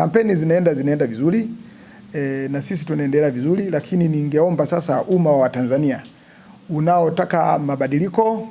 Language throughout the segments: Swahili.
Kampeni zinaenda zinaenda vizuri e, na sisi tunaendelea vizuri, lakini ningeomba sasa umma wa Tanzania unaotaka mabadiliko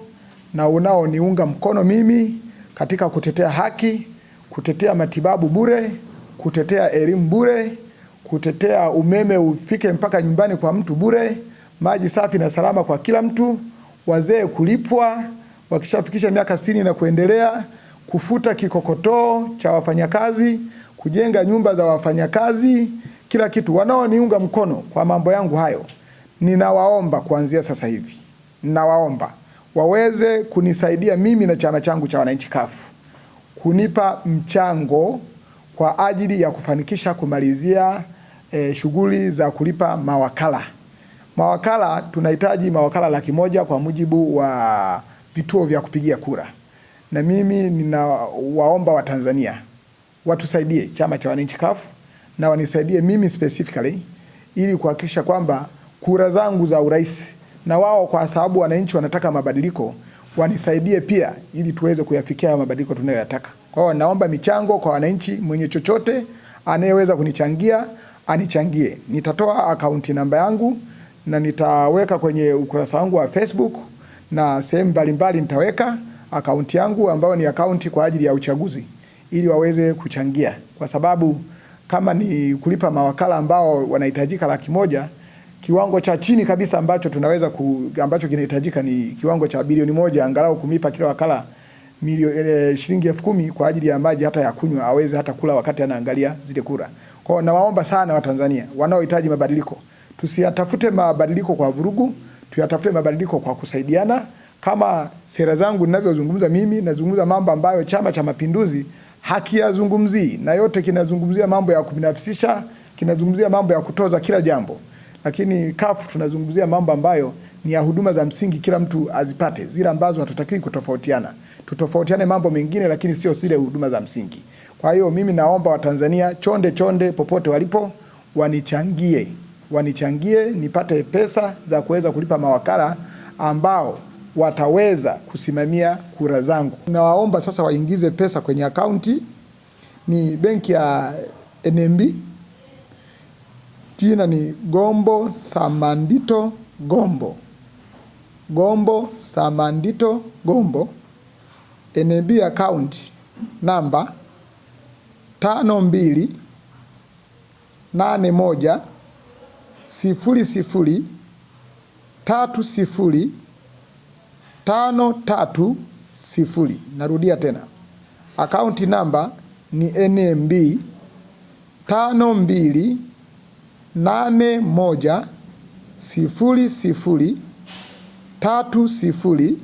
na unaoniunga mkono mimi katika kutetea haki, kutetea matibabu bure, kutetea elimu bure, kutetea umeme ufike mpaka nyumbani kwa mtu bure, maji safi na salama kwa kila mtu, wazee kulipwa wakishafikisha miaka sitini na kuendelea, kufuta kikokotoo cha wafanyakazi kujenga nyumba za wafanyakazi, kila kitu. Wanaoniunga mkono kwa mambo yangu hayo, ninawaomba kuanzia sasa hivi, ninawaomba waweze kunisaidia mimi na chama changu cha wananchi kafu kunipa mchango kwa ajili ya kufanikisha kumalizia eh, shughuli za kulipa mawakala. Mawakala tunahitaji mawakala laki moja kwa mujibu wa vituo vya kupigia kura, na mimi ninawaomba Watanzania watusaidie chama cha wananchi CUF na wanisaidie mimi specifically ili kuhakikisha kwamba kura zangu za urais na wao, kwa sababu wananchi wanataka mabadiliko, wanisaidie pia ili tuweze kuyafikia mabadiliko tunayoyataka. Kwa hiyo naomba michango kwa wananchi, mwenye chochote anayeweza kunichangia anichangie. Nitatoa akaunti namba yangu na nitaweka kwenye ukurasa wangu wa Facebook na sehemu mbalimbali nitaweka akaunti yangu ambayo ni akaunti kwa ajili ya uchaguzi ili waweze kuchangia, kwa sababu kama ni kulipa mawakala ambao wanahitajika laki moja, kiwango cha chini kabisa ambacho tunaweza ku, ambacho kinahitajika ni kiwango cha bilioni moja, angalau kumipa kila wakala milioni eh, shilingi elfu kumi kwa ajili ya maji hata ya kunywa, aweze hata kula wakati anaangalia zile kura. Kwa hiyo nawaomba sana Watanzania wanaohitaji mabadiliko, tusiyatafute mabadiliko kwa vurugu, tuyatafute mabadiliko kwa kusaidiana. Kama sera zangu ninavyozungumza mimi, nazungumza mambo ambayo Chama cha Mapinduzi hakiyazungumzii, na yote kinazungumzia mambo ya kubinafsisha, kinazungumzia mambo ya kutoza kila jambo, lakini CUF tunazungumzia mambo ambayo ni ya huduma za msingi, kila mtu azipate, zile ambazo hatutakiwi kutofautiana. Tutofautiane mambo mengine, lakini sio zile huduma za msingi. Kwa hiyo mimi naomba Watanzania chonde chonde, popote walipo, wanichangie wanichangie nipate pesa za kuweza kulipa mawakala ambao wataweza kusimamia kura zangu. Nawaomba sasa waingize pesa kwenye akaunti, ni benki ya NMB, jina ni Gombo Samandito Gombo, Gombo Samandito Gombo, NMB akaunti namba tano mbili nane moja sifuri sifuri tatu sifuri tano tatu sifuri. Narudia tena, akaunti namba ni NMB tano mbili nane moja sifuri sifuri tatu sifuri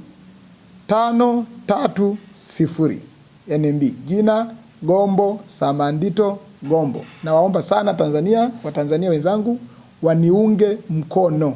tano tatu sifuri. NMB jina Gombo Samandito Gombo. Nawaomba sana Tanzania, Watanzania wenzangu waniunge mkono.